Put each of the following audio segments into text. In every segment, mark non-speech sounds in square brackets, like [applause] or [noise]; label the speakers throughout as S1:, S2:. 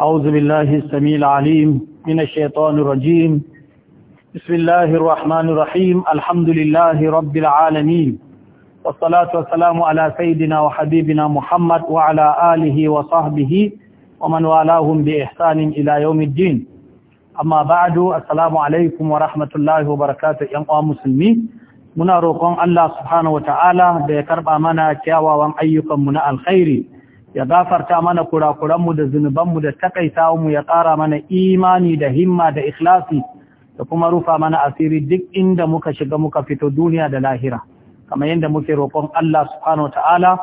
S1: أعوذ بالله السميع العليم من الشيطان الرجيم بسم الله الرحمن الرحيم الحمد لله رب العالمين والصلاة والسلام على سيدنا وحبيبنا محمد وعلى آله وصحبه ومن والاهم بإحسان إلى يوم الدين أما بعد السلام عليكم ورحمة الله وبركاته يا مسلمين muna roƙon Allah subhanahu wata'ala da ya karɓa mana kyawawan ayyukanmu na alkhairi ya gafarta mana kurakuranmu da zunubanmu da takaitawanmu ya ƙara mana imani da himma da ikhlasi da kuma rufa mana asiri duk inda muka shiga muka fito duniya da lahira kamar yadda muke roƙon Allah subhanahu ta'ala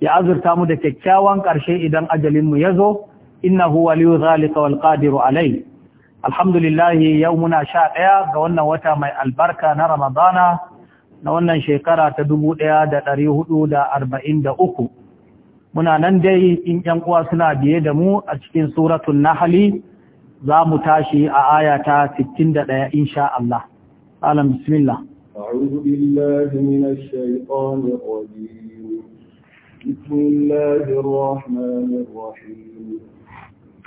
S1: ya azurta mu da kyakkyawan ƙarshe idan mu ya zo innahu waliyu zalika wal qadiru alai alhamdulillah yau muna sha ɗaya ga wannan wata mai albarka na ramadana na wannan shekara ta dubu ɗaya da ɗari hudu da arba'in da uku muna nan dai in ƴan uwa suna biye da mu a cikin suratul nahli za mu tashi a aya ta 61 insha Allah alam bismillah
S2: a'udhu billahi minash shaitanir rajim bismillahir rahmanir rahim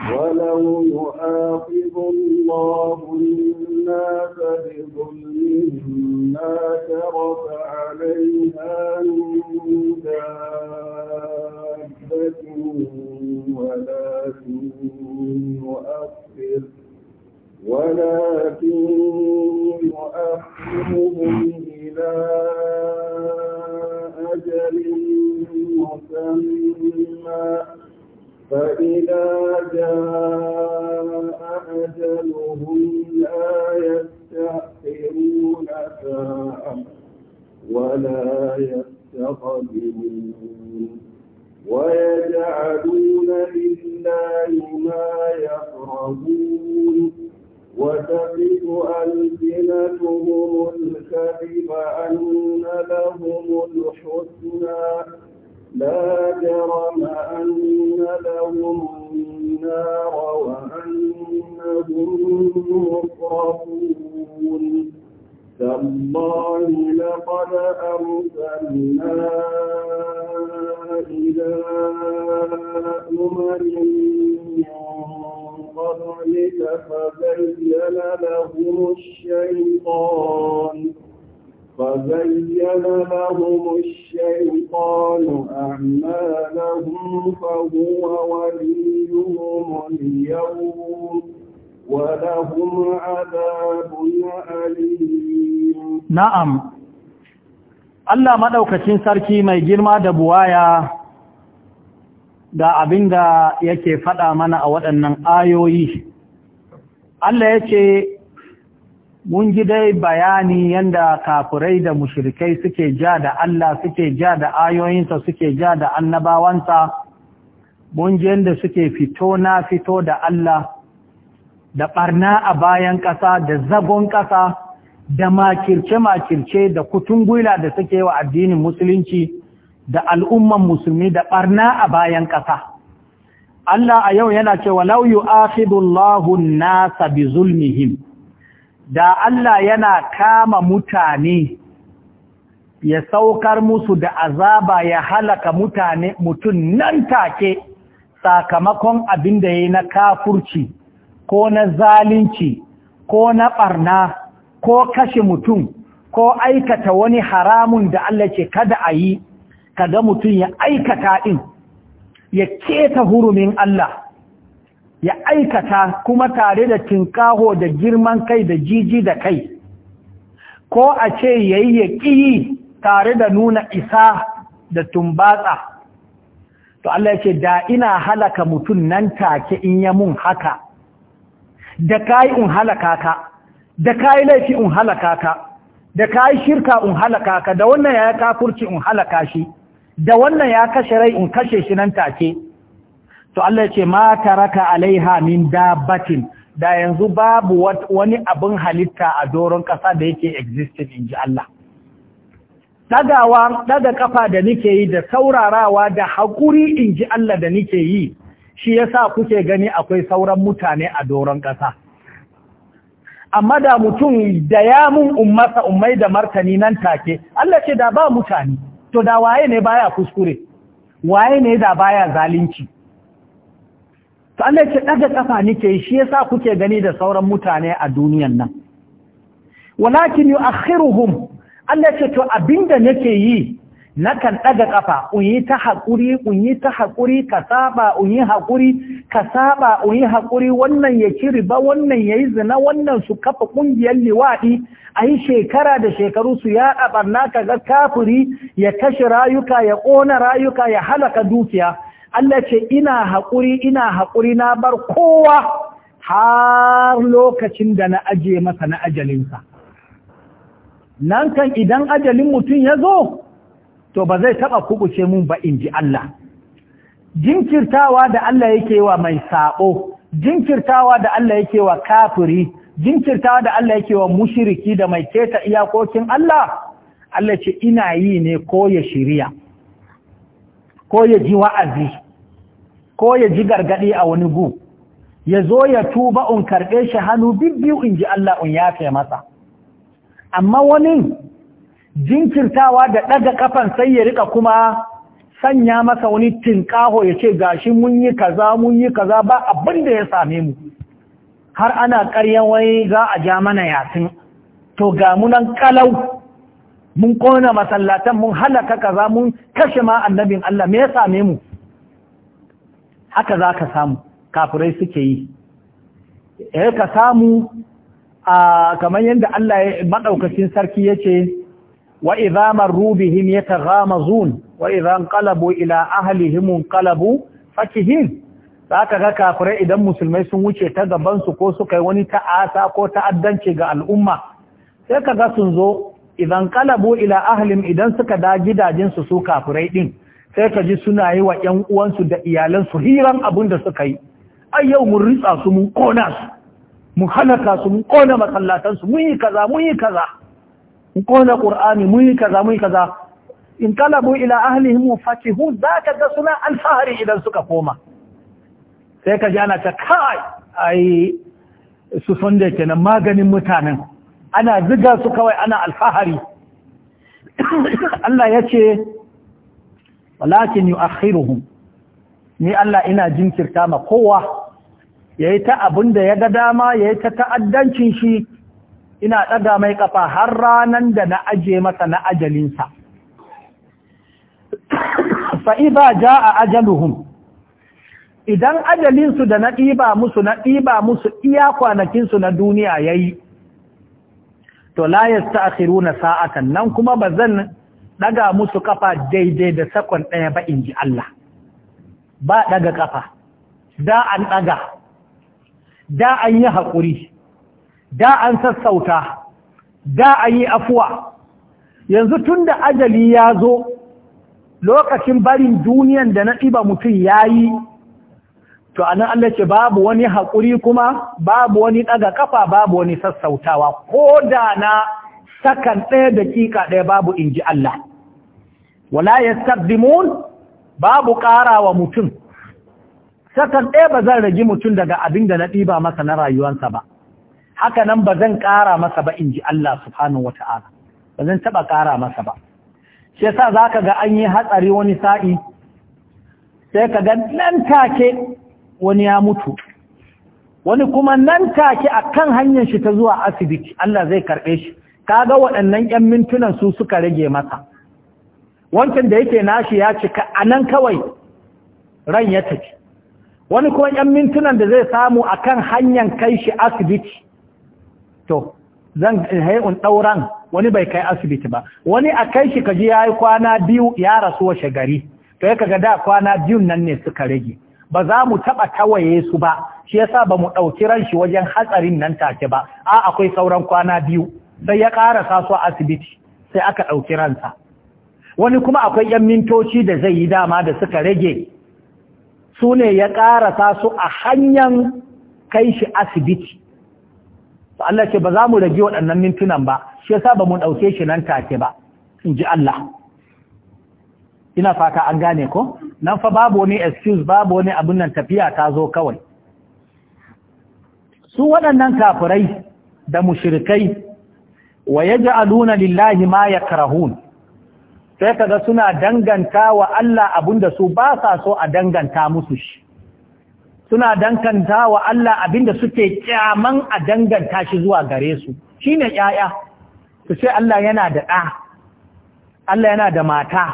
S2: ولو يؤاخذ الله الناس بظلمهم ما ترك عليها من دابة ولكن يؤخر ولكن يؤخرهم إلى أجل مسمى فإذا جاء أجلهم لا يستأخرون ساعة ولا يستقدمون ويجعلون لله ما يكرهون وتقف ألسنتهم الكذب أن لهم الحسنى لا جرم أن لهم النار وأنهم مفرطون تالله لقد أرسلنا إلى أمر من قبلك فبين لهم الشيطان فزين لهم الشيطان أعمالهم فهو وليهم اليوم ولهم عذاب
S1: أليم نعم Allah maɗaukacin sarki mai girma da buwaya da abin da yake faɗa mana a waɗannan ayoyi. Allah ya ce, mun ji dai bayani yanda kafurai da mushrikai suke ja da Allah suke ja da ayoyinsa suke ja da annabawansa mun ji yanda suke fito na fito da Allah da barna a bayan ƙasa da zagon ƙasa da makirce-makirce da kutun kutungula da suke wa addinin musulunci da al'umman musulmi da barna a bayan ƙasa. Allah a yau yana cewa lauyu akhidullahu nasa bi zulmihim da Allah yana kama mutane ya saukar musu da azaba ya halaka mutane mutum nan take sakamakon abin da ya yi na kafurci ko na zalunci ko na ɓarna ko kashe mutum ko aikata wani haramun da Allah ce kada a yi kada mutum ya aikata ɗin ya keta hurumin Allah ya aikata kuma tare da tinkaho da girman kai da jiji da kai ko a ce yayi ya ƙiyi tare da nuna isa da tumbatsa to Allah ya ce da ina halaka mutum nan take in ya mun haka da kai un halaka ka da kai laifi un halaka ka da kai shirka un halaka ka da wannan ya kafurci un halaka shi da wannan ya kashe rai un kashe shi nan take to Allah ce ma taraka alaiha min dabbatin da yanzu babu wani abin halitta a doron ƙasa da yake existing in ji Allah dagawa ɗaga ƙafa da nike yi da saurarawa da hakuri in ji Allah da nike yi shi yasa kuke gani akwai sauran mutane a doron ƙasa amma da mutum da yamun ummasa ummai da martani nan take Allah ce da ba mutane to da waye ne baya kuskure waye ne da baya zalunci to Allah ce daga kafa nike shi yasa kuke gani da sauran mutane a duniyan nan walakin yu'akhiruhum Allah ce to abinda nake yi nakan ɗaga ƙafa, unyi ta haƙuri, unyi ta haƙuri ka saba unyi hakuri ka saba unyi hakuri wannan ya ci riba wannan yayi zina wannan su kafa kungiyar liwadi ayi shekara da shekaru su ya barna ga kafiri ya kashe rayuka ya ƙona rayuka ya halaka dukiya Allah ce ina haƙuri ina haƙuri na bar kowa har lokacin da na aje masa na ajalinsa nan kan idan ajalin mutum ya zo to ba zai taɓa kubuce mun ba in ji Allah jinkirtawa da Allah yake wa mai saɓo jinkirtawa da Allah yake wa kafiri jinkirtawa da Allah yake wa mushiriki da mai keta iyakokin Allah Allah ce ina yi ne ko ya shirya ko ya ji wa'azi ko ya ji gargaɗi a wani gu ya zo ya tuba un karɓe shi hannu biyu in ji Allah un yafe masa amma wani jinkirtawa da ɗaga ƙafan sai ya riƙa kuma sanya masa wani tinƙaho ya ce gashi mun yi kaza mun yi kaza ba abin da ya same mu har ana ƙaryan wani za a ja mana yatsun to ga munan ƙalau mun ƙona masallatan mun halaka kaza mun kashe ma annabin Allah me ya same mu haka za ka samu kafirai suke yi eh ka samu kamar yadda Allah ya maɗaukacin sarki ya yace wa ya ta gama zuun wa izan qalabu ila ahlihim qalabu fakihin ka ga kafirai idan musulmai sun wuce ta gabansu ko suka yi wani ta'asa ko ta'addanci ga al'umma sai ka ga sun zo idan kalabu ila ahalim idan suka da gidajensu su su kafirai din sai ka ji suna yi wa ‘yan uwansu da iyalansu hiran abin da suka yi, ai yau mun ritsa su mun kona su, mun halaka su mun kona masallatansu mun yi kaza mun yi kaza, mun kona ƙur'ani mun yi kaza mun yi kaza, in kalabu ila ahlihim mufatihun za ka ga suna alfahari idan suka koma. Sai ka ji ana ta kai ai su sun kenan maganin mutanen, ana ziga su kawai ana alfahari. [coughs] Allah ya ce, walakin yu'akhiruhum ni Allah ina jinkirta ma kowa yayi ta da ya ga dama yayi ta ta'addancin shi ina ɗaga mai kafa har ranan da na aje masa na ajalinsa. [coughs] Fa'iba ja a ajaluhum, idan ajalinsu da na ɗiba musu na ɗiba musu iya kwanakinsu na duniya ya yi, to la ta akiru na sa'atan nan kuma ba zan ɗaga musu kafa daidai da sakon ɗaya ba in ji Allah ba ɗaga kafa da an ɗaga da an yi haƙuri da an sassauta da an yi afuwa yanzu tun da ajali ya zo lokacin barin duniyan da na ɗiba mutum ya yi to a nan Allah ce babu wani haƙuri kuma babu wani ɗaga ƙafa babu wani sassautawa ko da na sakan ɗaya daƙiƙa ɗaya babu in ji Allah wala ya yastaqdimun babu ƙarawa mutum sakan ɗaya ba zan rage mutum daga abin da na ɗiba masa na rayuwansa ba haka nan ba zan ƙara masa ba in ji Allah subhanahu wa ta'ala ba zan taɓa ƙara masa ba shi sa za ka ga an yi hatsari wani sa'i sai ka ga nan take wani ya mutu wani kuma nan take a kan hanyar shi ta zuwa asibiti Allah zai karɓe shi Ka ga waɗannan 'yan mintunan su suka rage masa wancan da yake nashi ya cika a nan kawai ran ya tafi wani kuma 'yan mintunan da zai samu a kan hanyar kai shi asibiti to zan haihun eh, ɗauran wani bai kai asibiti ba wani a kai shi kaji ya yi kwana biyu ya rasu washe gari to ya kaga da kwana biyun nan ne suka rage ba za mu taɓa tawaye su ba shi yasa ba mu ɗauki ran shi wajen hatsarin nan take ba a akwai sauran kwana biyu sai ya ƙarasa su a asibiti sai aka ɗauki ransa wani kuma akwai ‘yan mintoci da zai yi dama da suka rage su ne ya ƙarasa su a hanyar kai shi asibiti su Allah ce ba za mu rage waɗannan mintunan ba shi sa ba mu ɗauke shi nan take ba in ji Allah ina fata an gane ko nan fa babu wani excuse babu wani abin nan tafiya ta zo kawai su waɗannan kafirai da mushirikai wa yaj'aluna lillahi ma yakrahun sai kaga suna danganta wa Allah abinda su ba sa so a danganta musu shi suna danganta wa Allah abinda suke kyaman a danganta shi zuwa gare su shine yaya su ce Allah yana da da Allah yana da mata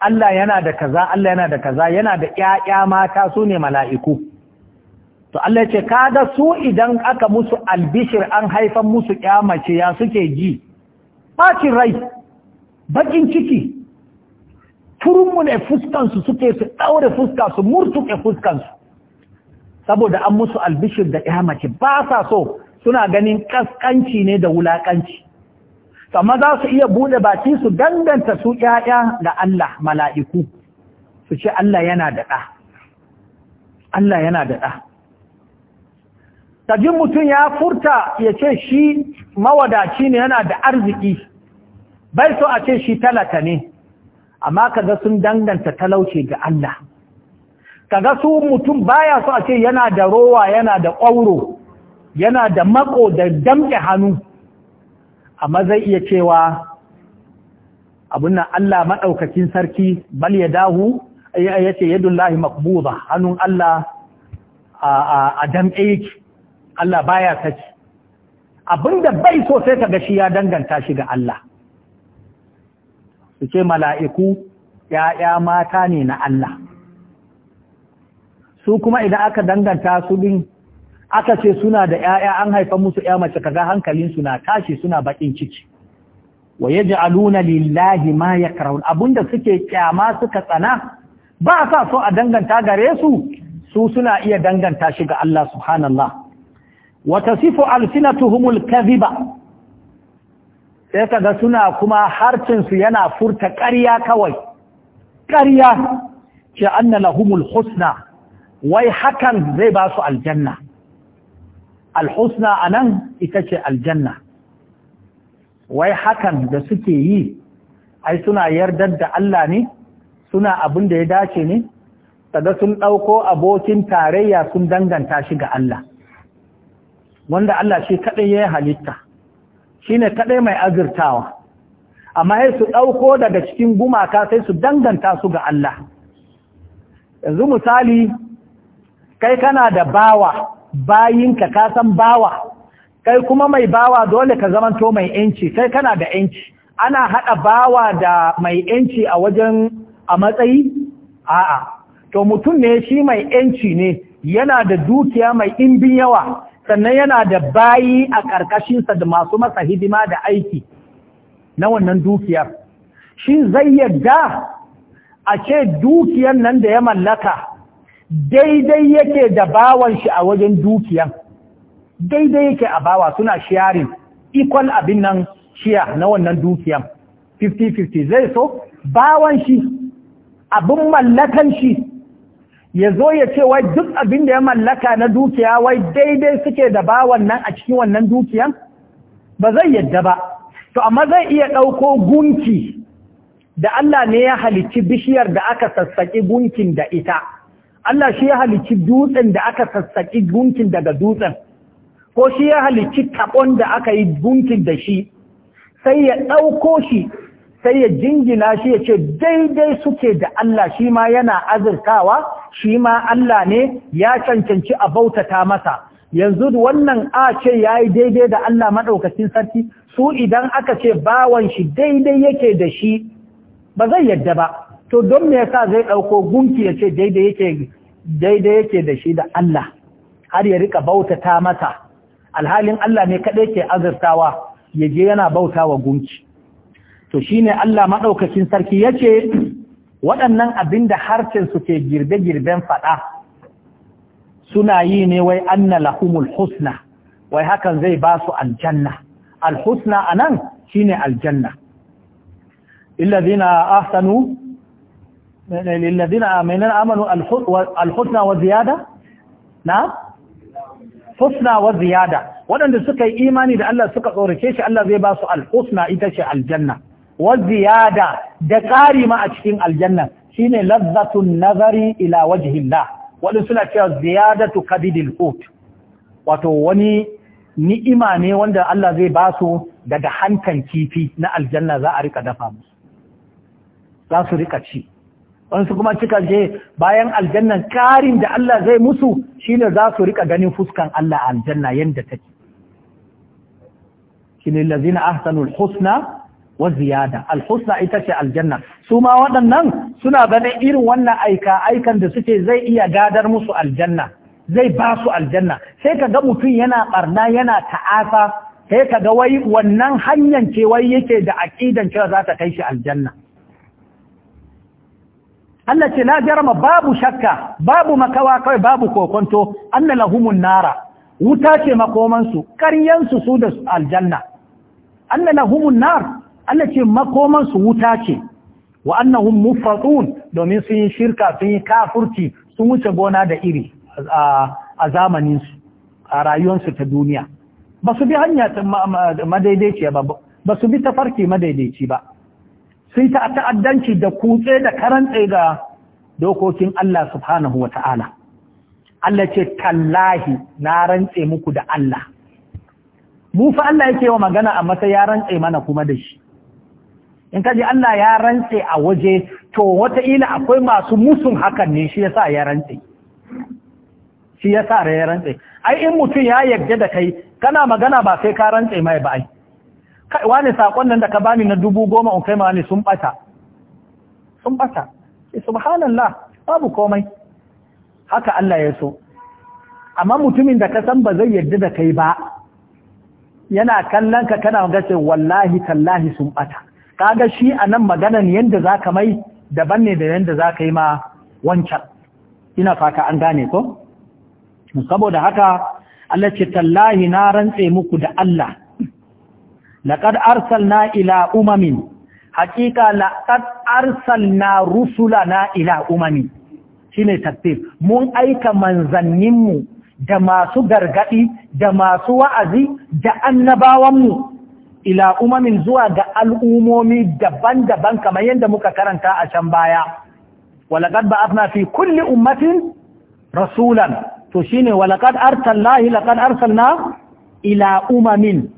S1: Allah yana da kaza Allah yana da kaza yana da yaya mata su ne mala'iku to Allah ce kaga su idan aka musu albishir an haifan musu kyamace ya suke ji bacin rai bakin ciki turunmu ne fuskansu suke su daure fuska su murtuke fuskansu saboda an musu albishir da kyamace ba sa so suna ganin ƙasƙanci ne da wulaƙanci. amma za su iya bude baki su danganta su ƴaƴa da Allah mala'iku su ce Allah yana da ɗa Allah yana da ɗa kajin mutum ya furta ya ce shi mawadaci ne yana da arziki bai so a ce shi talata ne amma kaga sun danganta talauce ga Allah kaga su mutum baya so a ce yana da rowa yana da ƙwauro yana da mako da damƙe hannu amma zai iya cewa abin nan Allah maɗaukakin sarki bal ya dahu ya ce yadullahi makbuza hannun Allah a damƙe yake Allah baya saci abinda bai so sai ka ga shi ya danganta shi ga Allah su ce mala'iku ‘ya'ya mata ne na Allah su kuma idan aka danganta su din aka ce suna da ‘ya'ya an haifa musu ‘ya mace kaga su na tashi suna baƙin ciki wa ya aluna lillahi ma ya karaun abinda suke kyama suka tsana ba sa so a danganta gare su su suna iya danganta shi ga Allah subhanallah watasifu alsinatuhumul kadhiba sai kaga suna kuma harcinsu yana furta ƙarya kawai ƙarya ce anna lahumul husna wai hakan zai ba su aljanna alhusna anan ita ce aljanna wai hakan da suke yi ai suna yardar da Allah ne suna abin da ya dace ne kaga sun ɗauko abokin tarayya sun danganta shi ga Allah wanda Allah shi kaɗai ya yi halitta shi ne kaɗai mai azurtawa amma ya su ɗauko daga cikin gumaka sai su danganta su ga Allah yanzu misali kai kana da bawa bayinka ka san bawa kai kuma mai bawa dole ka zamanto mai yanci kai kana da yanci ana haɗa bawa da mai yanci a wajen a matsayi a'a to mutum ne shi mai yanci ne yana da dukiya mai ɗimbin yawa sannan yana da bayi a ƙarƙashinsa da masu masa hidima da aiki na wannan dukiyar shi zai yadda a ce dukiyar nan da ya mallaka daidai yake da bawan shi a wajen dukiyar daidai yake a bawa suna shiyarin ikon abin nan shiya na wannan dukiyar 50-50 zai so bawan shi abin mallakan shi ya zo ya ce wai duk abin da ya mallaka na dukiya wai daidai suke da bawan nan a cikin wannan dukiyan ba zai yadda ba to amma zai iya ɗauko gunki da Allah ne ya halicci bishiyar da aka sassaƙi gunkin da ita Allah shi ya halicci dutsen da aka sassaƙi gunkin daga dutsen ko shi ya halicci tabon da aka yi gunkin da shi sai ya ɗauko shi sai ya jingina shi ya ce daidai suke da Allah shi ma yana azurtawa shi ma Allah ne ya cancanci a bautata masa yanzu wannan a ce ya yi daidai da Allah maɗaukacin sarki su idan aka ce bawan shi daidai yake da shi ba zai yadda ba to don me yasa zai ɗauko gunki ya ce daidai yake daidai da shi da Allah har ya rika bautata masa alhalin Allah ne kaɗai ke azurtawa ya je yana wa gunki to shi ne Allah maɗaukacin sarki ya ce waɗannan abin da harcensu ke girbe-girben faɗa suna yi ne wai anna lahumul husna wai hakan zai ba su aljanna alhusna a nan shi ne aljanna illazina a mainan amanu alhusna wa ziyada na husna wa ziyada waɗanda suka yi imani da Allah suka tsorace shi Allah zai ba su alhusna ita ce aljanna waziyada da ƙari ma a cikin aljanna shine lazzatun nazari ila wajhillah wadin suna cewa ziyadatu kabidil qut wato wani ni'ima ne wanda Allah zai ba su daga hankan kifi na aljanna za a rika dafa musu za su rika ci wasu kuma cika je bayan aljannan karin da Allah zai musu shine za su rika ganin fuskan Allah aljanna yanda take shine lazina ahsanul husna wa ziyada alhusna ita ce aljanna su ma waɗannan suna ganin irin wannan aika aikan da suke zai iya gadar musu aljanna zai ba su aljanna sai ka ga mutum yana barna yana ta'asa sai ka ga wai wannan hanyar ce wai yake da aqidan cewa za ta kai shi aljanna Allah ce na jarma babu shakka babu makawa kai babu kokonto anna lahumun nara wuta ce makomansu ƙaryansu su da aljanna anna lahumun nar Allah ce makoman su wuta ce wa annahum mufatun domin sun yi shirka sun yi kafurci sun wuce gona da iri a zamaninsu a rayuwarsu ta duniya ba su bi hanya madaidaiciya ba ba su bi tafarki madaidaici ba sun ta ta'addanci da kutse da karantse ga dokokin Allah subhanahu wa ta'ala Allah ce tallahi na rantse muku da Allah mu fa Allah yake wa magana a masa ya rantse mana kuma da shi in ka ji Allah ya rantse a waje to wata wataƙila akwai masu musun hakan ne shi yasa ya rantse shi yasa ya rantse ai in mutum ya yarda da kai kana magana ba sai ka rantse mai ba ai kai wani sakon nan da ka bani na dubu goma in kai ma wani sun bata sun bata subhanallah babu komai haka Allah ya so amma mutumin da ka san ba zai yarda da kai ba yana kallon ka kana gace wallahi tallahi sun bata kaga shi a nan maganan yadda za ka mai daban ne da yadda za ka yi ma wancan ina fata an gane ko saboda haka Allah ce tallahi na rantse muku da Allah arsal na ila umamin arsal na rusula na ila umamin Shi ne tafsir mun aika manzanninmu da masu gargaɗi da masu wa'azi da annabawanmu ila umamin zuwa ga al'umomi daban-daban kamar yadda muka karanta a can baya ba afna fi kulli ummatin rasulan to shi shine walaqad arsalnahi laqad arsalna ila umamin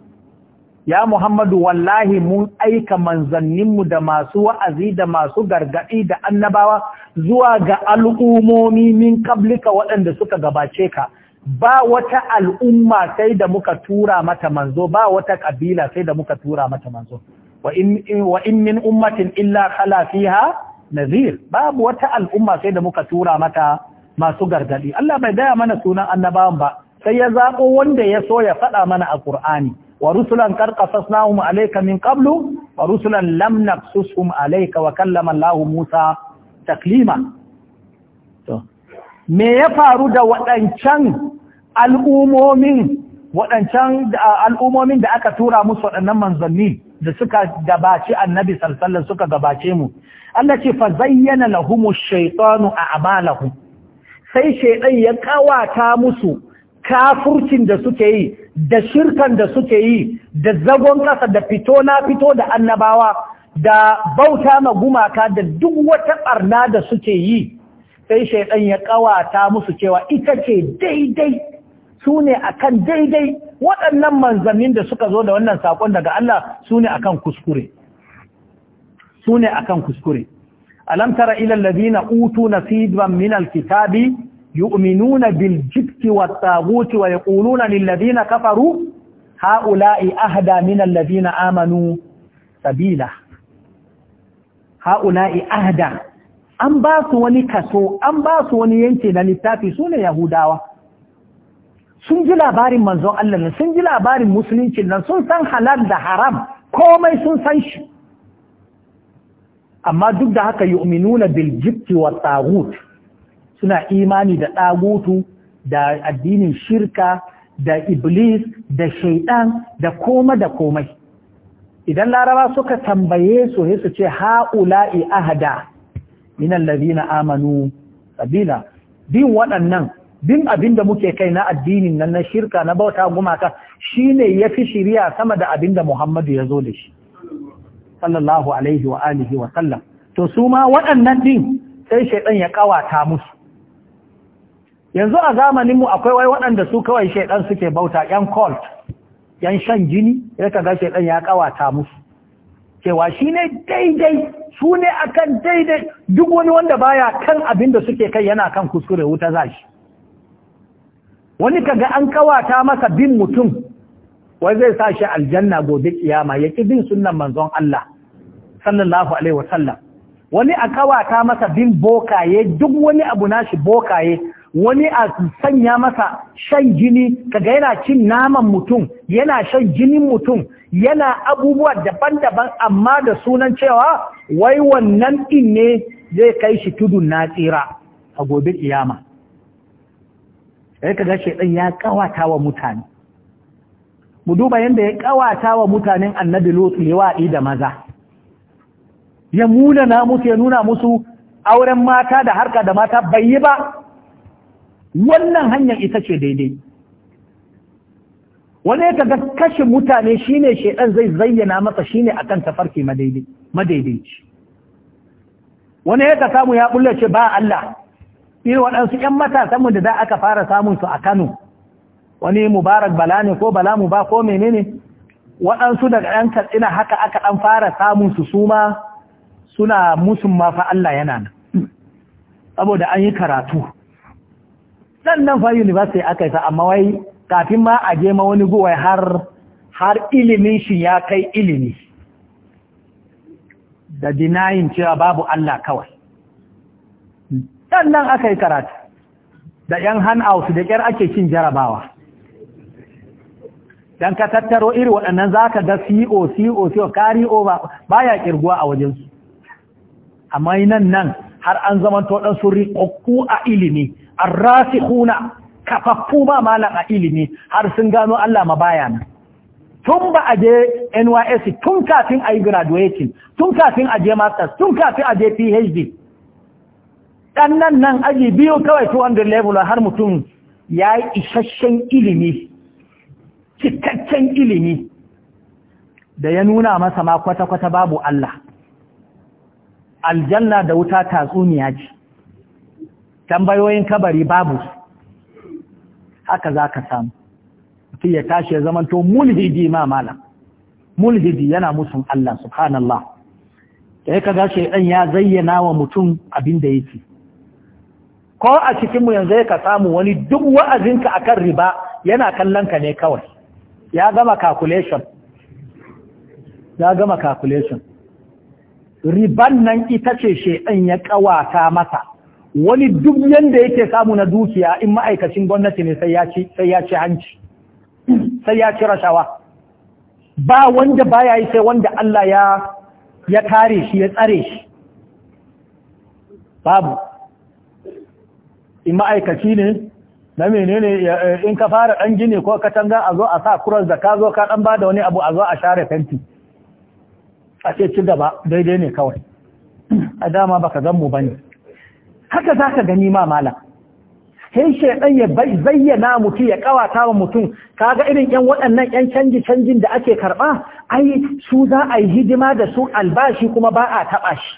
S1: ya muhammadu wallahi mun aika manzanninmu da masu wa'azi da masu gargaɗi da annabawa zuwa ga al'umomi min kablika waɗanda suka gabace ka ba wata al'umma sai da muka tura mata manzo ba wata ƙabila sai da muka tura mata manzo wa in min ummatin illa kala fiha nazir babu wata al'umma sai da muka tura mata masu gargadi Allah bai gaya mana sunan annabawan ba sai ya zaɓo wanda ya so ya faɗa mana a ƙur'ani wa rusulan na qasasnahum alaika min qablu wa rusulan lam naqsushum alayka wa kallama Allah Musa taklima to me ya faru da waɗancan al'umomin waɗancan al'umomin da aka tura musu waɗannan manzanni da suka gabace annabi sallallahu suka gabace mu Allah ce fa zayyana lahumu shaytanu a'malahu sai shaytan ya kawata musu kafurcin da suke yi da shirkan da suke yi da zagon ƙasa da fito na fito da annabawa da bauta ma gumaka da duk wata ɓarna da suke yi sai shaidan ya kawata musu cewa ita ce daidai su ne akan daidai waɗannan manzannin da suka zo da wannan sakon daga Allah su ne akan kuskure su ne akan kuskure alam tara ila alladhina utu nasiban minal kitabi yu'minuna bil jibti wat taghut wa yaquluna lil ladina kafaru ha'ula'i ahda min alladhina amanu sabila ha'ula'i ahda an ba su wani kaso an ba su wani yanke na littafi su ne yahudawa sun ji labarin manzon Allah ne sun ji labarin musulunci nan sun san halal da haram komai sun san shi amma duk da haka yu'minuna bil jibti wa tagut suna imani da tagutu da addinin shirka da iblis da shaidan da koma da komai idan laraba suka tambaye su sai su ce ha'ula'i ahada minan lazina amanu sabila bin waɗannan bin abin da muke kai na addinin nan na shirka na bauta gumaka shine yafi shiriya sama da abinda Muhammadu ya zo da shi sallallahu alaihi wa alihi wa sallam to su ma waɗannan din sai shaidan ya kawata musu yanzu a zamanin mu akwai wai waɗanda su kawai shaidan suke bauta yan cult yan shan jini ya kaga shaidan ya kawata musu cewa shi ne daidai su ne akan daidai duk wani wanda baya kan abin da suke kai yana kan kuskure wuta za shi wani kaga an kawata masa bin mutum wai zai sa shi aljanna gobe kiyama ya ki bin sunan manzon Allah sallallahu alaihi wasallam wani a kawata masa bin bokaye duk wani abu nashi bokaye wani a sanya masa shan jini kaga yana cin naman mutum yana shan jinin mutum yana abubuwa daban-daban amma da sunan cewa wai wannan din ne zai kai shi tudun na tsira a gobe iyama. sai kaga shedan ya kawata wa mutane mu duba yanda ya kawata wa mutanen annabi lut liwa'i da maza ya muna na musu ya nuna musu auren mata da harka da mata bai yi ba wannan hanyar ita ce daidai wani ya kaga kashe mutane shine shaidan zai zayyana masa shine akan tafarki madaidaici wani ya ka samu ya bulle ce ba Allah irin waɗansu ‘yan matasanmu da za aka fara samun su a Kano wani mubarak bala ne ko bala mu ba ko menene waɗansu daga ɗan katsina haka aka ɗan fara samun su suma suna musun mafa Allah yana nan saboda an yi karatu sannan fa university aka sa amma wai kafin ma a je ma wani guwai har har ilimin shi ya kai ilimi da denying cewa babu Allah kawai sannan aka yi karatu da yan hand-out da kyar ake cin jarabawa dan ka tattaro iri waɗannan za ka ga CO CO CO kari over ya kirguwa a wajensu amma yi nan nan har an zamanto ɗan sun riƙoƙo a ilimi arrasikhuna kafaffu ba malam a ilimi har sun gano Allah ma bayana. tun ba a je NYSC tun kafin a yi graduating tun kafin a je masters tun kafin a je PhD dan nan nan aji biyu kawai 200 level har mutum ya yi isasshen ilimi cikakken ilimi da ya nuna masa ma kwata-kwata babu Allah aljanna da wuta tatsuniya ce tambayoyin kabari babu haka za ka samu mutum ya tashi ya zamanto mulhidi ma malam mulhidi yana musun Allah subhanallah da ya gashi shaidan ya zayyana wa mutum abin da yake ko a cikinmu yanzu ya ka samu wani duk wa'azinka akan riba yana kallon ka ne kawai ya gama calculation ya gama calculation riban nan ita ce ɗan ya kawata masa wani duk yanda yake samu na dukiya in ma'aikacin gwamnati ne sai ya ci hanci sai ya ci rashawa ba wanda baya yi sai wanda Allah ya ya kare shi ya tsare shi babu in ma'aikaci ne na menene eh, in ka fara ɗan gini ko katanga a zo a sa kurar da ka zo ka ɗan ba da wani abu a zo a share fenti a ce ci gaba daidai ne kawai a dama baka zan mu bane haka za ka gani ma malam sai shaidan ya zayyana mutu ya kawata wa mutum kaga irin yan waɗannan yan canji canjin da ake karɓa ai su za a yi hidima da su albashi kuma ba a taɓa shi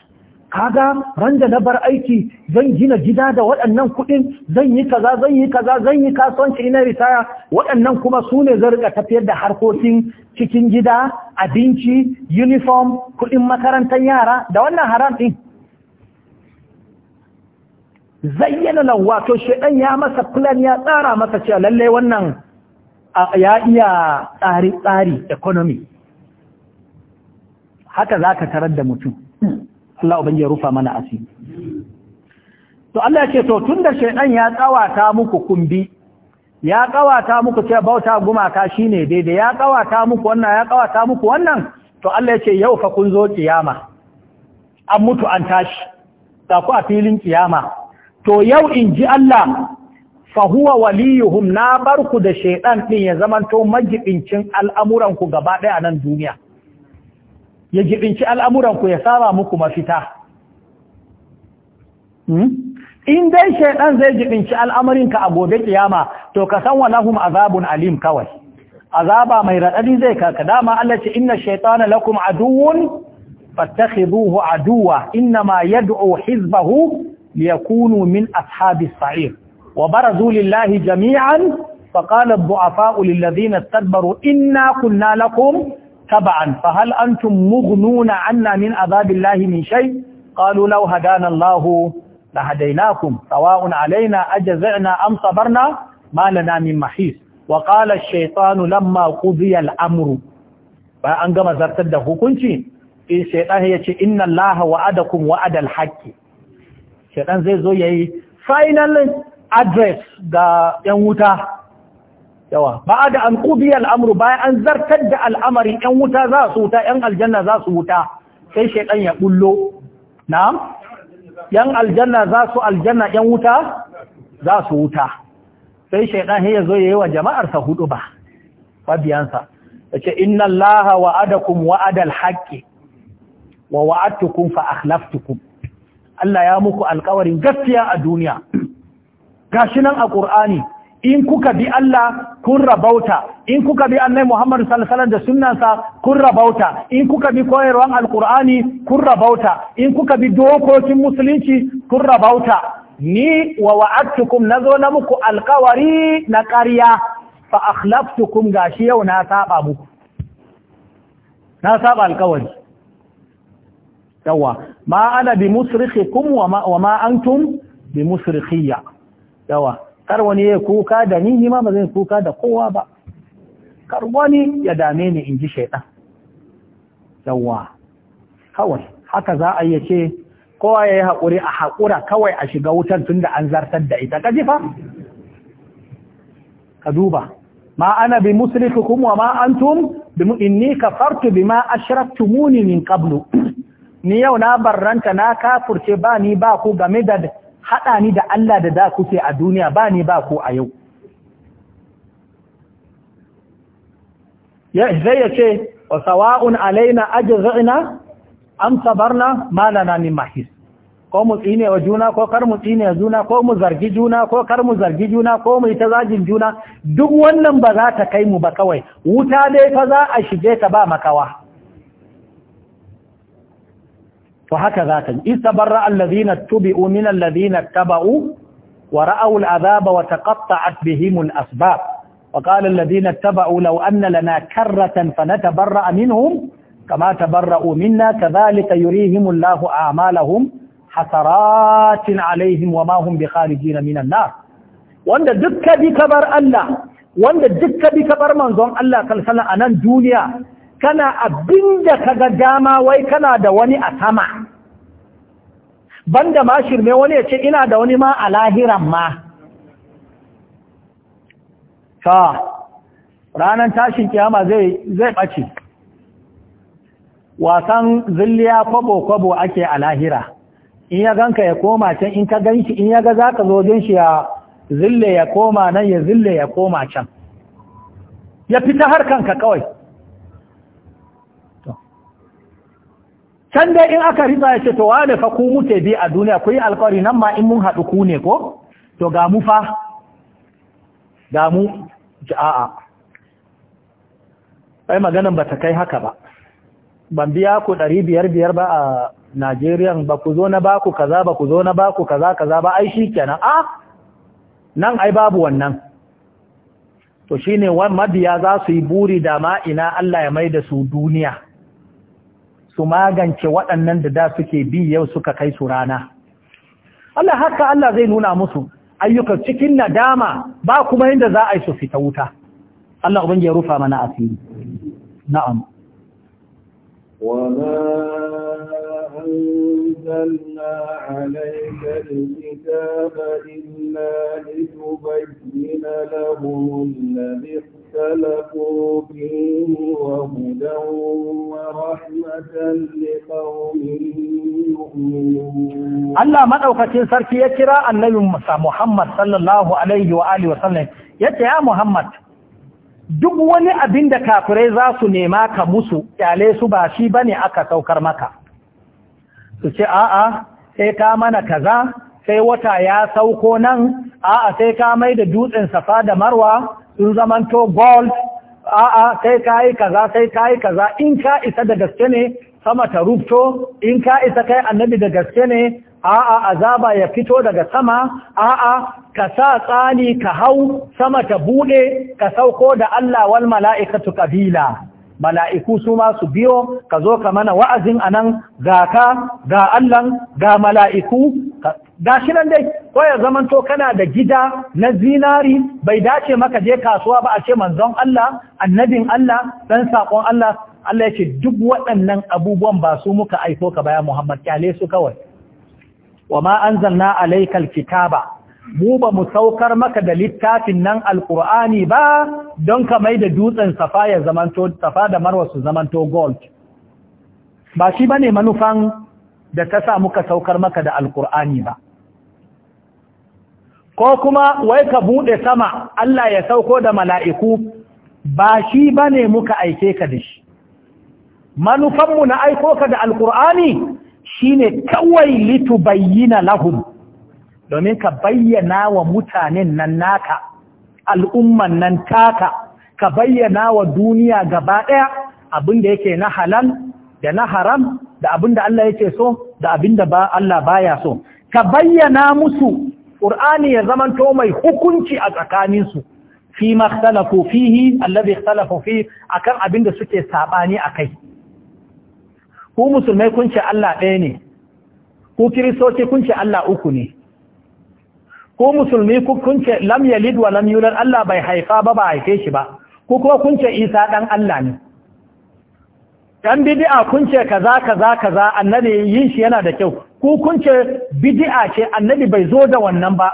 S1: kaga ran da na bar aiki zan gina gida da waɗannan kuɗin zan yi kaza zan yi kaza zan yi kasuwanci ina ritaya waɗannan kuma su ne zan riga tafiyar da harkokin cikin gida abinci uniform kuɗin makarantar yara da wannan haram ɗin zayyana nan wato shaidan ya masa plan ya tsara masa cewa lallai wannan ya iya tsari-tsari economy haka za ka tarar da mutum Allah ubangi ya rufa mana asiri to Allah ya ce to tun da shaidan ya tsawata muku kumbi ya tsawata muku ce bauta gumaka shine daidai ya tsawata muku wannan ya tsawata muku wannan to Allah ya ce yau fa kun zo kiyama an mutu an tashi ta ku a filin kiyama to yau in ji Allah huwa waliyuhum na barku da shaidan din ya zamanto majibincin ku gaba ɗaya nan duniya ya jibinci ku ya saba muku mafita hmm? in dai shaidan zai jibinci ka a gobe kiyama to ka san wa lahum azabun alim kawai azaba mai raɗaɗi zai kaka dama Allah ce inna shaitana lakum aduwwun fattakhidhuhu aduwa inna ma yad'u hizbahu ليكونوا من أصحاب الصعير وبرزوا لله جميعا فقال الضعفاء للذين استكبروا إنا كنا لكم تبعا فهل أنتم مغنون عنا من عذاب الله من شيء قالوا لو هدانا الله لهديناكم سواء علينا أجزعنا أم صبرنا ما لنا من محيص وقال الشيطان لما قضي الأمر فأنقم زرتده كنت في الشيطان هي إن الله وعدكم وعد الحق shaɗan zai zo ya yi final address ga ‘yan wuta yawa ba da an ƙubi al'amuru bayan an zartar da al'amari ‘yan wuta za su wuta ‘yan aljanna za su wuta sai shaɗan ya ɓullo na ‘yan aljanna za su aljanna ‘yan wuta za su wuta sai shaɗan ya zo ya yi wa jama'arsa hudu ba babiyansa ya ce inna Laha wa'adakum wa'adal haƙƙi wa wa'adtukum fa Allah ya muku alkawarin gaskiya a duniya gashi nan a Kur'ani in kuka bi Allah kun rabauta in kuka bi annai Muhammad sallallahu da sunnansa kun rabauta in kuka bi koyarwan alkur'ani kun rabauta in kuka bi dokokin musulunci kun rabauta ni wa wa'adtukum nazo na muku alkawari na ƙarya fa akhlaftukum gashi yau na saba muku na saba alkawari yawa ma ana bi kum wa ma antum bi musrikhiyya yawa kar wani ya kuka da ni ni ma ba zan kuka da kowa ba kar wani ya dame ni in ji shaidan yawa kawai haka za a yi ce kowa ya yi haƙuri a haƙura kawai a shiga wutar tun da an zartar da ita ka ji fa ka duba ma ana bi musrikukum wa ma antum bi inni kafartu bima ashraktumuni min qablu [clears throat] ni yau na barranta na kafurce ba ni ba ku game da haɗa ni da Allah da da kuke a duniya ba ni ba ku a yau zai ya ce wa sawa'un alaina ajza'ina am sabarna malana ni mahis ko mu tsine wa juna ko kar mu tsine juna ko mu zargi juna ko kar mu zargi juna ko mu ta zagin juna duk wannan ba za ta kai mu ba kawai wuta dai fa za a shige ta ba makawa فهكذا استبرأ الذين اتبعوا من الذين اتبعوا ورأوا العذاب وتقطعت بهم الأسباب وقال الذين اتبعوا لو أن لنا كرة فنتبرأ منهم كما تبرأوا منا كذلك يريهم الله أعمالهم حسرات عليهم وما هم بخارجين من النار وأن الدكة بكبر الله وأن الدكة بكبر منظم الله صلى الله أنا الدنيا kana abin da ka ga dama wai kana da wani a sama banda ma shirme wani ya ce ina da wani ma a lahiran ma Ta ranar tashin kiyama zai ɓace wasan zilliya kwabo-kwabo ake a lahira in ya ganka ya koma can in ka ganshi in ya ga za ka zo shi ya zille ya koma nan ya zille ya koma can ya fita harkanka kawai can dai in aka riba ya ce to wane fa ku muke bi a duniya ku yi alkawari nan ma in mun haɗu ku ne ko to ga mu fa ga mu a'a ai maganan ba ta kai haka ba ban biya ku ɗari biyar biyar ba a Najeriya ba ku zo na ba ku kaza ba ku zo na ba ku kaza kaza ba ai shi kenan a ah! nan ai babu wannan to shine mabiya za su yi buri da ma ina Allah ya mai da su duniya su magance waɗannan da da suke bi yau suka kai su rana Allah haka Allah zai nuna musu ayyukan cikin nadama ba kuma yadda za a yi su fita wuta Allah ubangi ya rufa mana asiri na'am
S2: أنزلنا عليك الكتاب إلا لتبين لهم الذي اختلفوا فيه وهدى ورحمة لقوم يؤمنون الله
S1: مدوكتين سركي يكرا النبي محمد صلى الله عليه وآله وسلم yace ya Muhammad duk wani abin da kafirai za su nema ka musu kyale su ba shi bane aka saukar maka su ce a'a sai ka mana kaza sai wata ya sauko nan a'a sai ka mai da dutsen safa da marwa sun zamanto gold a'a sai ka yi kaza sai ka yi kaza in ka isa da gaske ne sama ta rufto in ka isa kai annabi da gaske ne a'a azaba ya fito daga sama a'a ka sa tsani ka hau sama ta bude ka sauko da Allah wal mala'ikatu kabila mala'iku su ma su biyo ka zo ka mana wa'azin anan ga ka ga Allah ga mala'iku gashi nan dai ko ya zamanto kana da gida na zinari bai dace maka je kasuwa ba a ce manzon Allah annabin Allah dan sakon Allah Allah ya duk waɗannan abubuwan ba su muka aiko ka baya Muhammad kyale su kawai wa ma anzalna alaykal kitaba mu ba mu saukar maka da littafin nan alqur'ani ba don ka mai da dutsen safa ya to safa da marwa su zamanto gold ba shi bane manufan da ta sa muka saukar maka da alkur'ani ba ko kuma wai ka buɗe sama Allah ya sauko da mala'iku ba shi ba ne muka aike ka da shi manufanmu na aiko ka da alkur'ani shi ne kawai litu bayyana lahum domin ka bayyana wa mutanen nan naka al'umman nan taka ka bayyana wa duniya gaba ɗaya abin da yake na halal da na haram da abin da Allah yake so da abinda ba Allah baya so ka bayyana musu qur'ani ya zamanto mai hukunci a tsakaninsu fi makhtalafu fihi allazi ikhtalafu fihi akan abinda suke sabani akai ku musulmai kun ce Allah ɗaya ne ku kiristoci kun ce Allah uku ne ku musulmi kun ce lam yalid wa lam yulad Allah bai haifa ba ba haife shi ba ku kuma kun ce Isa dan Allah ne dan bid'a kun ce kaza kaza kaza annabi yin shi yana da kyau ku kun ce bid'a ce annabi bai zo da wannan ba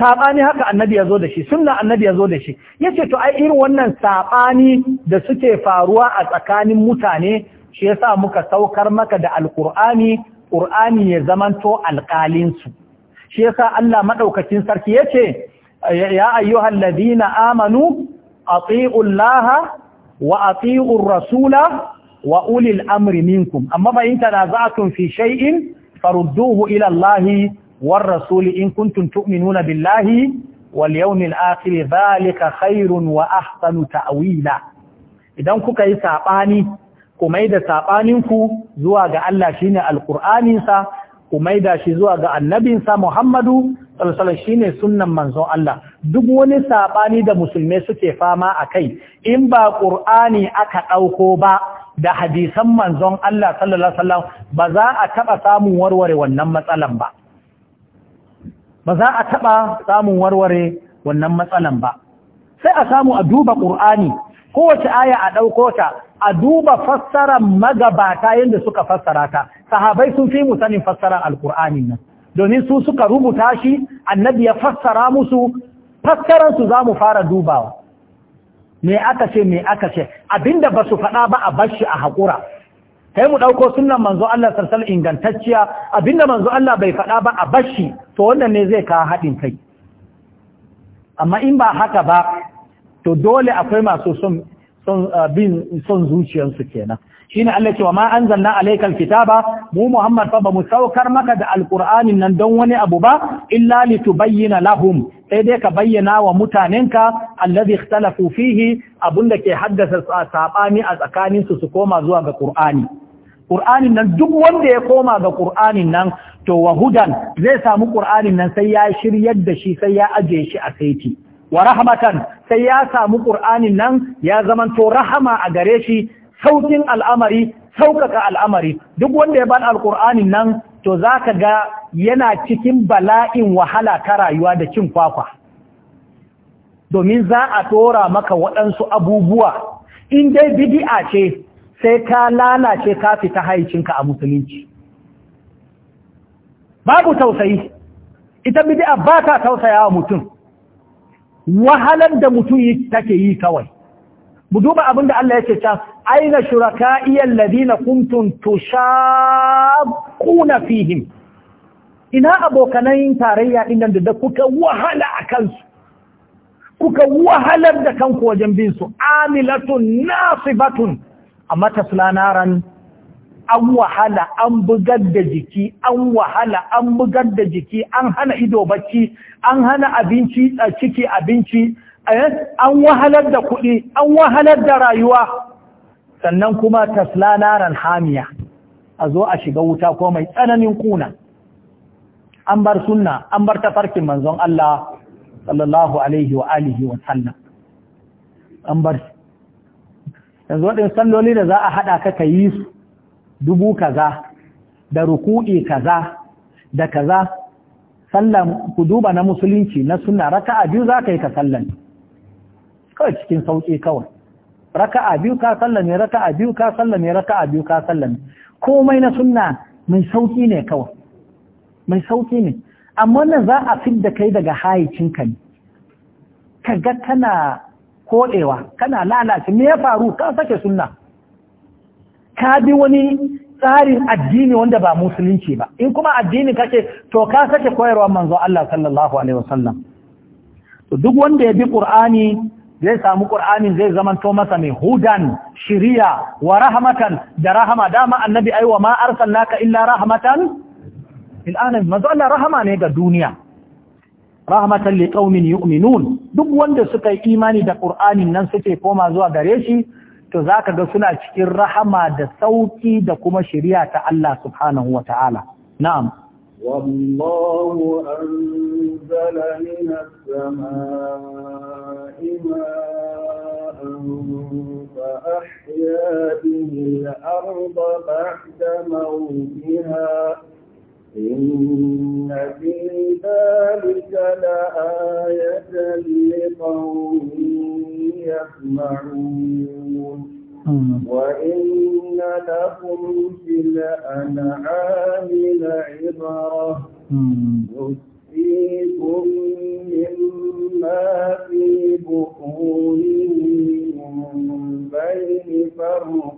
S1: sabani haka annabi ya zo da shi sunna annabi ya zo da shi yace to ai irin wannan sabani da suke faruwa a tsakanin mutane shi yasa muka saukar maka da alqur'ani qur'ani ya zamanto alqalin su shi yasa Allah madaukakin sarki yace ya ayyuhal ladina amanu atiiu wa atiiu rasula wa ulil amri minkum amma fa in tanaza'tum fi shay'in farudduhu ila Allah war rasul in kuntum tu'minuna billahi wal yawmil akhir dhalika khairun wa ahsanu ta'wila idan kuka yi sabani ku mai da sabaninku zuwa ga Allah shine alqur'anin sa ku maida shi zuwa ga annabinsa Muhammadu sallallahu shine sunnan manzon Allah duk wani sabani da musulmai suke fama akai in ba Qur'ani aka dauko ba da hadisan manzon Allah sallallahu alaihi ba za a taba samun warware wannan matsalan ba ba za a taba samun warware wannan matsalan ba sai a samu a duba Qur'ani kowace aya a dauko ta a duba fassarar magabata yadda suka fassara ta sahabai sun fi mu sanin fassarar alkur'ani nan domin su suka rubuta shi annabi ya fassara musu fassararsu su zamu fara dubawa me aka ce me aka ce abinda ba su faɗa ba a bashi a haƙura kai mu ɗauko sunan manzo Allah sarsal ingantacciya abinda manzo Allah bai faɗa ba a bashi to wannan ne zai kawo haɗin kai amma in ba haka ba to dole akwai masu son Ah, bin son zuciyarsu kenan shine Allah cewa ma anzalna alaykal kitaba mu Muhammad fa bamu saukar maka da alqur'anin nan don wani abu ba illa litubayyana lahum sai dai ka bayyana wa mutanenka alladhi ikhtalafu fihi abunda ke haddasa sabani a tsakanin su su koma zuwa ga qur'ani qur'anin nan duk wanda ya koma ga qur'anin nan to wahudan zai samu qur'anin nan sai ya shiryar da shi sai ya aje shi a saiti wa rahmatan sai ya samu ƙur'anin nan ya zamanto rahama a gare shi saukin al'amari sauƙaƙa al'amari duk wanda ya ban alƙur'anin nan to zaka ga yana cikin bala'in wahala ta rayuwa da cin kwakwa domin za a tora maka waɗansu abubuwa in dai bidi'a ce sai ka lalace ka fita haicinka a musulunci babu tausayi ita bid'a ba ta tausaya wa mutum wahalar da mutum take yi kawai mu duba abin da Allah yake ta aina shurakaiyal ladina kuntum tushaquna fihim ina abokanan tarayya din da kuka wahala a kansu? kuka wahalar da kanku wajen bin su amilatun nasibatun amma tasla naran an wahala an bugar da jiki an wahala an bugar da jiki an hana ido bacci an hana abinci a ciki abinci eh, an wahalar da kuɗi an wahalar da rayuwa sannan kuma tasla naran hamiya a zo a shiga wuta ko mai tsananin kuna an bar sunna an bar tafarkin manzon Allah sallallahu alaihi wa alihi wa sallam an bar yanzu waɗin salloli da za a haɗa ka ka yi su dubu kaza da ruku'i kaza da kaza sallan ku duba na musulunci na sunna raka'a biyu za ka yi ka sallan kawai cikin sauƙi kawai raka'a biyu ka sallame raka'a biyu ka sallame raka'a biyu ka sallame komai na sunna mai sauƙi ne kawai mai sauƙi ne amma nan za a fi da kai daga ka ne kaga kana koɗewa kana lalace me ya faru ka sake sunna ka bi wani tsarin addini wanda ba musulunci ba in kuma addini kake to ka sake koyarwa manzo Allah sallallahu alaihi wasallam to duk wanda ya bi qur'ani zai samu qur'anin zai zamanto masa mai hudan shiriya wa rahmatan da rahama dama annabi wa ma arsalnaka illa rahmatan lil alamin manzo Allah rahama ne ga duniya rahmatan liqaumin yu'minun duk wanda suka yi imani da qur'anin nan suke koma zuwa gare shi to za ka ga suna cikin rahama da sauki da kuma shirya ta Allah subhanahu wa ta'ala. Na'am. Wallahu
S2: an zala nina sama ima'an fa'ahya bihi al'arba ba'da mawubiha. إن في ذلك لآية لقوم يسمعون وإن لكم في الأنعام لعبرة يأتيكم مما في بطونهم من بين فرض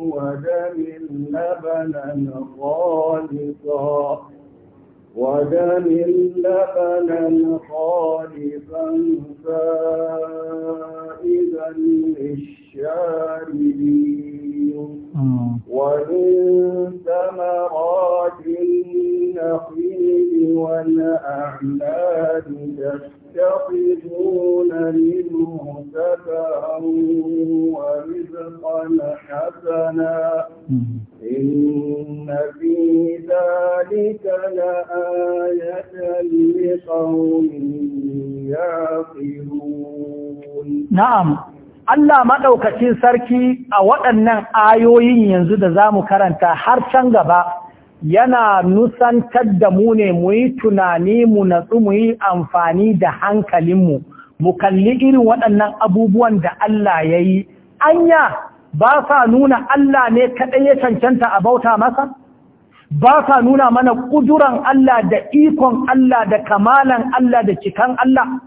S2: ودم لبنا خالصا
S1: ودم
S2: الشاربين آه. ومن ثمرات النخيل والأعناب تتخذون منه سبعا ورزقا حسنا إن في ذلك لآية لقوم يعقلون
S1: نعم Allah maɗaukacin sarki a waɗannan ayoyin yanzu da za mu karanta har can gaba yana nusantar da mu ne mu yi tunani mu natsu mu yi amfani da hankalinmu mu kalli irin waɗannan abubuwan da Allah ya yi anya ba sa nuna Allah ne kaɗai ya cancanta a bauta masa ba sa nuna mana ƙuduran Allah da ikon Allah da kamalan Allah da cikan Allah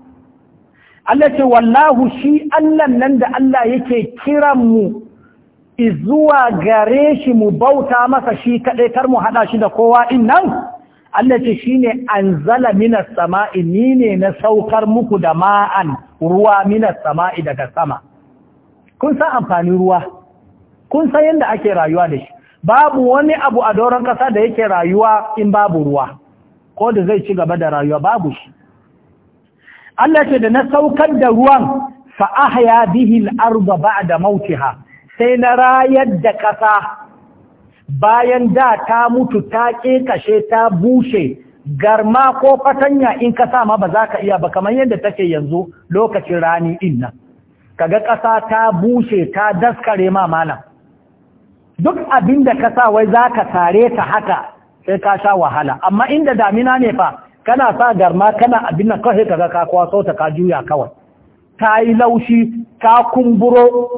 S1: Allah ce wallahu shi Allah nan da Allah yake kiran mu izuwa gare shi mu bauta masa shi kaɗai kar mu haɗa shi da kowa in nan Allah ce shi ne an zala minas sama'i ni ne na saukar muku da ma'an ruwa minas sama'i daga sama kun san amfanin ruwa kun san yadda ake rayuwa da shi babu wani abu a doron ƙasa da yake rayuwa in babu ruwa ko da zai ci gaba da rayuwa babu shi Allah ce da na saukar da ruwan fa ahya bihi al da ba'da mautiha sai na rayar da ƙasa bayan da ta mutu ta kashe ta bushe garma ko fatanya in ka sa ma ba za ka iya ba kamar yadda take yanzu lokacin rani din nan kaga ƙasa ta bushe ta daskare ma malam duk abin da ka sa wai za ka tare ta haka sai ka sha wahala amma inda damina ne fa kana sa garma kana abin nan kawai ga ka kwaso ta ka juya kawai ta yi laushi ta kumburo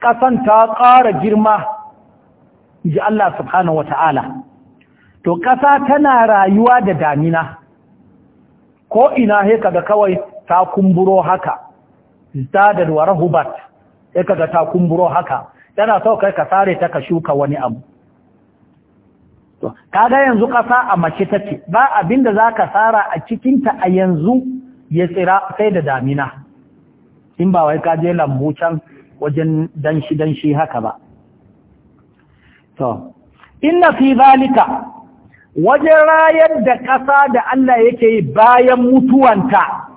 S1: ƙasan ta ƙara girma ji Allah subhanahu wata'ala to ƙasa tana rayuwa da damina ko ina he ga kawai ta kumburo haka zadar wa rahubat he ga ta kumburo haka yana so kai ka sare ta ka shuka wani abu to kaga yanzu ƙasa a mace take ba za zaka tsara a cikinta a yanzu ya tsira sai da damina in ba wai ka je lambu can wajen danshi danshi haka ba to inna fi zalika wajen rayar da ƙasa da Allah yake yi bayan mutuwanta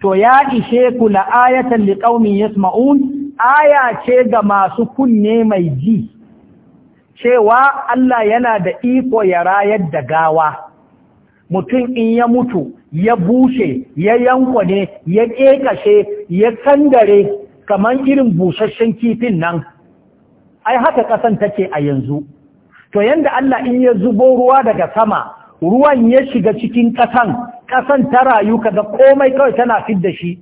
S1: to ya ishe ku la'ayatan liqaumin yasma'un aya ce ga masu kunne mai ji cewa Allah yana da iko ya rayar da gawa mutum in ya mutu ya bushe ya yankwane ya ƙeƙashe ya kandare kamar irin busasshen kifin nan ai haka ƙasan take a yanzu to yadda Allah in ya zubo ruwa daga sama ruwan ya shiga cikin ƙasan ƙasan ta rayu kaga komai kawai tana fid da shi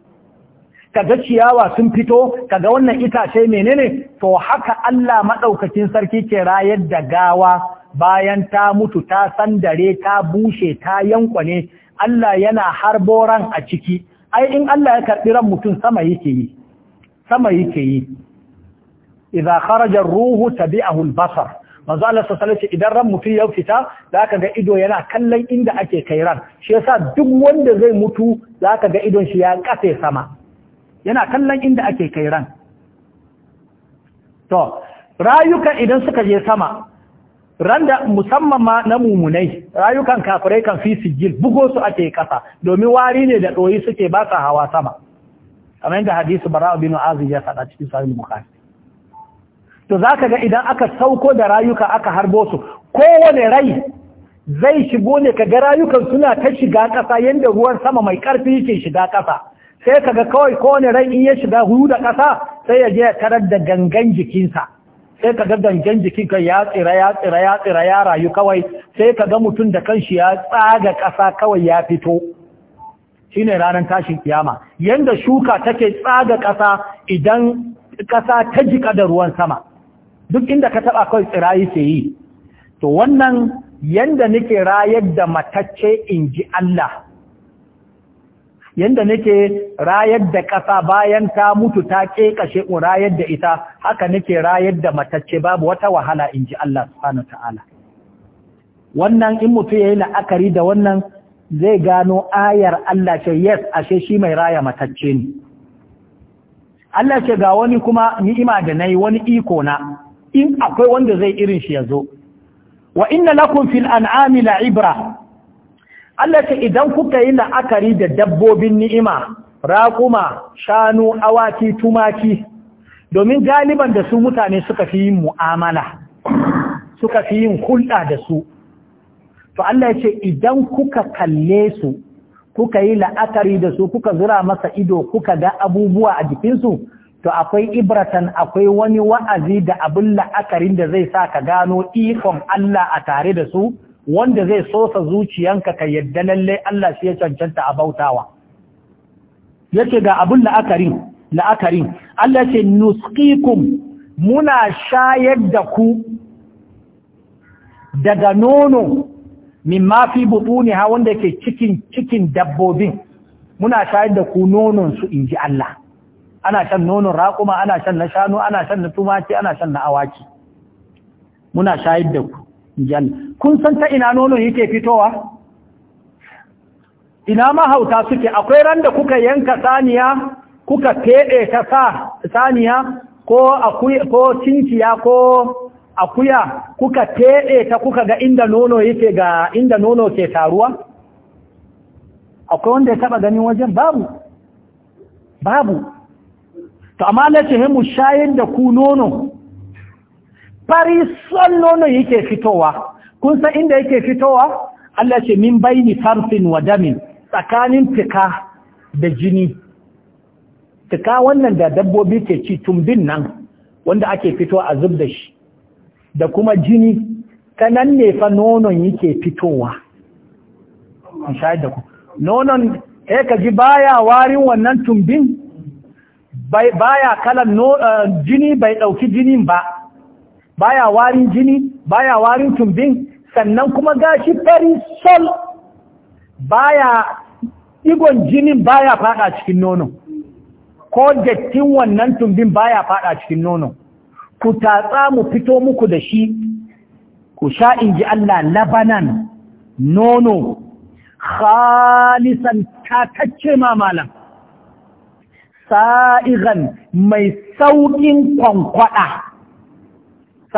S1: kaga ciyawa sun fito kaga wannan itace menene to haka Allah madaukakin sarki ke rayar da gawa bayan ta mutu ta sandare ta bushe ta yankwane Allah yana harbo ran a ciki ai in Allah ya karbi ran mutum sama yake yi sama yake yi idza kharaja ruhu tabi'ahu al-basar manzo Allah sallallahu idan ran mutum ya fita zaka ga ido yana kallon inda ake kai ran shi yasa duk wanda zai mutu zaka ga idon shi ya kafe sama yana kallon inda ake kai ran to rayuka idan suka je sama ran da musamman ma na mumunai rayukan kafirai kan fi sigil bugo su ake kasa domin wari ne da ɗoyi suke ba sa hawa sama kamar yadda hadisu bara bin aziz ya faɗa cikin sa'in bukhari to za ka ga idan aka sauko da rayuka aka harbo su kowane rai zai shigo ne kaga rayukan suna ta shiga ƙasa, yadda ruwan sama mai ƙarfi yake shiga ƙasa. sai kaga kawai kowane rai in ya shiga da ƙasa sai ya je ya tarar da gangan jikinsa sai kaga gangan jikin kai ya tsira ya tsira ya tsira ya rayu kawai sai kaga mutum da kanshi ya tsaga ƙasa kawai ya fito shine ranar tashin kiyama yanda shuka take tsaga ƙasa idan ƙasa ta jika da ruwan sama duk inda ka taɓa kawai tsira yake yi to wannan yanda nake rayar da matacce in ji Allah yanda nake rayar da ƙasa bayan ta mutu ta ƙeƙashe in rayar da ita haka nake rayar da matacce babu wata wahala in ji Allah subhanahu ta'ala wannan in mutum ya yi la'akari da wannan zai gano ayar Allah ce yes ashe shi mai raya matacce ne Allah ce ga wani kuma ni'ima da nayi wani iko na in akwai wanda zai irin shi yazo zo wa inna lakum fil an'ami la'ibra Allah ce idan kuka yi la'akari da dabbobin ni'ima raƙuma shanu awaki tumaki domin galiban da su mutane suka fi yin mu'amala suka fi yin hulɗa da su to Allah ce idan kuka kalle su kuka yi la'akari da su kuka zura masa ido kuka ga abubuwa a jikinsu to akwai ibratan akwai wani wa'azi da abin la'akarin da zai sa ka gano ikon Allah a tare da su wanda zai sosa zuciyanka ka yadda lalle Allah shi ya cancanta a bautawa yace ga abun la'akarin la'akarin Allah ce nusqikum muna shayar da ku daga nono ma fi hawan wanda ke cikin cikin dabbobin muna shayar da ku nonon su inji Allah ana shan nonon raƙuma ana shan na shanu ana shan na tumaci ana shan na awaki muna shayar da ku jan kun san ta ina nono yake fitowa ina ma hauta suke akwai ran da kuka yanka saniya kuka fede ta sa saniya ko akuya ko cinciya ko akuya kuka fede ta kuka ga inda nono yake ga inda nono ke taruwa akwai wanda ya taba ganin wajen babu babu to amma lace himu shayin da ku nono farisan nono yake fitowa kun san inda yake fitowa Allah ce min baini farfin wa damin tsakanin tuka da jini tuka wannan da dabbobi ke ci tumbin nan wanda ake fito a zub da shi da kuma jini ta nan ne fa nonon yake fitowa in shayar da ku nonon ya eh, ka ji baya warin wannan tumbin baya kalan eh, jini bai ɗauki jinin ba baya warin jini baya warin tumbin sannan kuma gashi fari sol baya igon jinin baya fada cikin nono ko dattin wannan tumbin baya fada cikin nono ku tatsa mu fito muku da shi ku sha inji ji Allah labanan nono khalisan tatacce ma malam sa'igan mai sauƙin kwankwada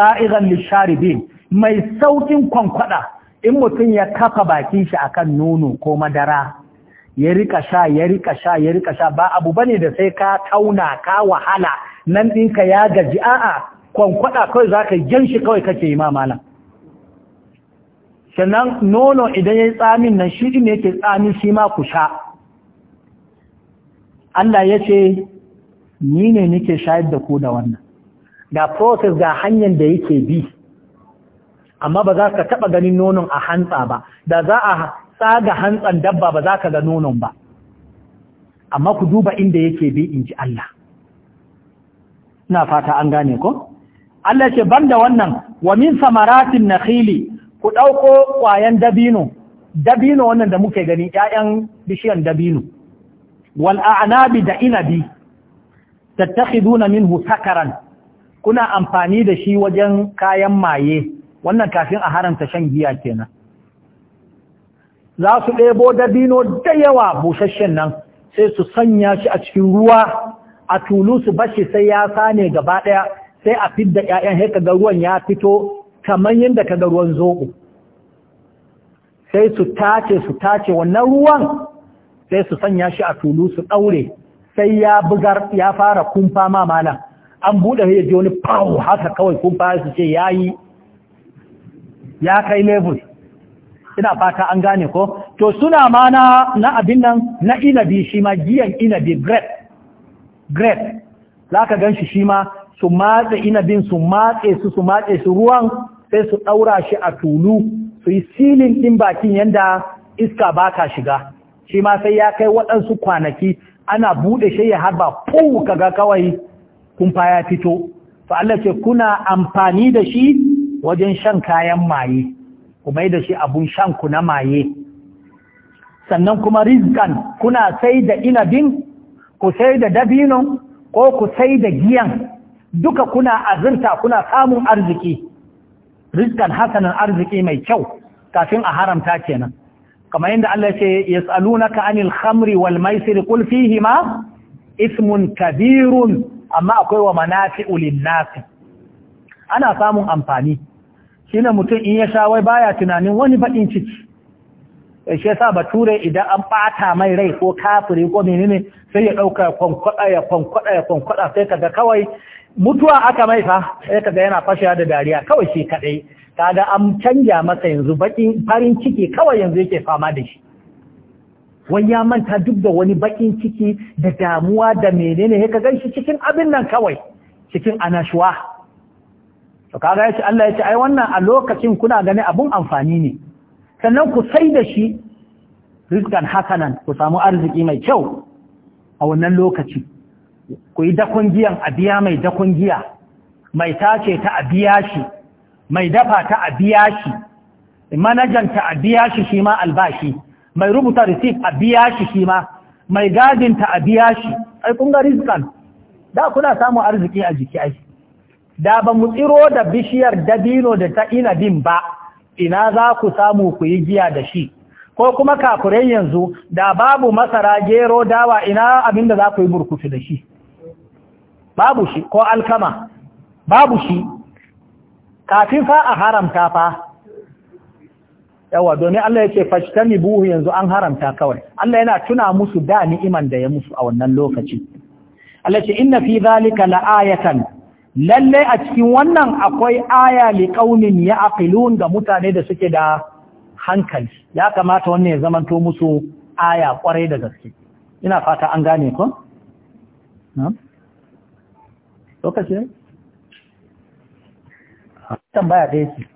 S1: lishari lisharibin mai saukin kwankwada in mutum ya kafa bakin shi akan nono ko madara ya rika sha ya rika sha ya rika sha ba abu bane da sai ka tauna ka wahala nan ɗinka ya gaji a'a kwankwada kawai za ka jan shi kawai kake yi mamala sannan nono idan ya yi tsamin nan shi ne yake tsamin shi ma ku sha Allah ya ce ni ne nake shayar da ku da wannan Da process ga hanyar da yake bi amma ba za ka taɓa ganin nonon a hantsa ba da za a tsaga hantsan dabba ba za ka ga nonon ba amma ku duba inda yake bi in ji Allah na fata an gane ko Allah ce banda wannan wa min samaratin nakhili ku ɗauko kwayan dabino dabino wannan da muke gani ƴaƴan bishiyan dabino wal a'nabi da inabi tattakhiduna minhu sakaran kuna amfani da shi wajen kayan maye wannan kafin a haramta shan giya kenan za su ɗebo dabino da yawa busasshen nan sai su sanya shi a cikin ruwa a tulu su bashi sai ya sane gaba ɗaya sai a fidda ‘ya'yan sai kaga ruwan ya fito kamar yadda kaga ruwan zoɓo sai su tace su tace wannan ruwan sai su sanya shi a tulu su ɗaure sai ya bugar ya fara kumfa ma malam an buɗe ya ji wani pawo haka kawai kun fara su ce ya yi ya kai level ina fata an gane ko to suna ma na abin nan na inabi shi ma giyan inabi grep grep za ka gan shi shi ma su matse inabin su matse su su matse su ruwan sai su ɗaura shi a tulu su yi silin ɗin bakin yadda iska ba ka shiga shi ma sai ya kai waɗansu kwanaki ana buɗe shi ya harba kowuka ga kawai kumfa ya fito to Allah ce kuna amfani da shi wajen shan kayan maye kuma da shi abun shan ku na maye sannan kuma rizkan kuna sai da inabin ku sai da dabinon ko ku sai da giyan duka kuna azurta kuna samun arziki rizkan hasanan arziki mai kyau kafin a haramta kenan kamar yadda Allah ce yas'alunaka anil khamri wal maisir qul ma ismun kabirun amma akwai wa manafi linnasi ana samun amfani Shi ne mutum in ya sha wai baya tunanin wani baɗin ciki eh, shi yasa bature idan an ɓata mai rai ko kafiri ko menene sai ya ɗauka ya kwankwada ya kwankwada ya kwankwada sai kaga kawai mutuwa aka mai fa sai kaga yana fashewa da dariya kawai shi kaɗai. kaga an canja masa yanzu baƙin farin ciki kawai yanzu yake fama da shi wai ya manta duk da wani bakin ciki da damuwa da menene ya ka ganshi cikin abin nan kawai cikin anashuwa to kaga yace Allah ya yace ai wannan a lokacin kuna gani abun amfani ne sannan ku sai da shi rizqan hakanan ku samu arziki mai kyau a wannan lokaci ku yi dakon giyan abiya mai dakon giya mai tace ta abiya shi mai dafa ta abiya shi manajan ta abiya shi shi ma albashi mai rubuta receipt a biya shi shi ma mai gadinta a biya shi ai kun ga rizkan da kuna samun arziki a jiki ai da ba mu tsiro da bishiyar dabino da ta ina din ba ina za ku samu ku yi giya da shi ko kuma kakuren yanzu da babu masara gero dawa ina abin da za ku yi burkutu da shi babu shi ko alkama babu shi kafin fa a haramta fa yawa domin Allah ya ce fashtani buhu yanzu an haramta kawai Allah yana tuna musu da ni'iman da ya musu a wannan lokaci Allah ce inna fi zalika la'ayatan lalle a cikin wannan akwai aya li qaumin ya'qilun ga mutane da suke da hankali ya kamata wannan ya zamanto musu aya kwarai da gaske ina fata an gane ko na'am lokaci tambaya dai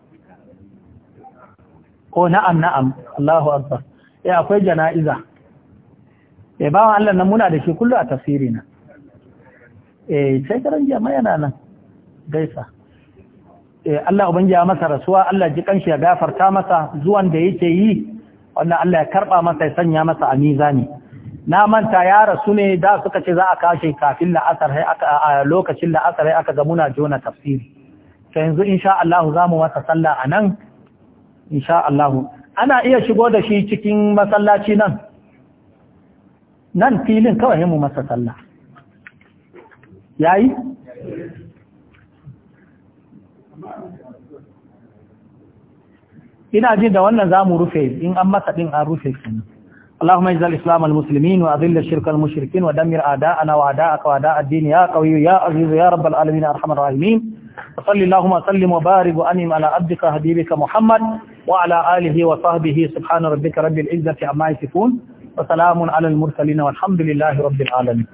S1: ko na'am na'am Allahu akbar eh akwai jana'iza eh wa Allah nan muna da shi kullu a tafsirina. na eh sai karan jama'a yana nan gaisa eh Allah ubangiya ya masa rasuwa Allah ji kanshi ya gafarta masa zuwan da yake yi wannan Allah ya karba masa ya sanya masa a mizani na manta ya rasu ne da suka ce za a kashe kafin la'asar a lokacin la'asar aka ga muna jona tafsiri Sai yanzu insha Allah za mu masa sallah anan. insha Allah ana iya shigo da shi cikin masallaci nan nan filin kawai mu masa sallah yayi ina jin da wannan zamu rufe in an masa din an rufe shi اللهم اجعل الاسلام المسلمين واذل الشرك المشركين ودمر اعداءنا واعداءك واعداء الدين يا قوي يا عزيز يا رب العالمين ارحم الراحمين وصل اللهم وسلم وبارك وانعم على عبدك حبيبك محمد وعلى آله وصحبه سبحان ربك رب العزة عما يصفون وسلام على المرسلين والحمد لله رب العالمين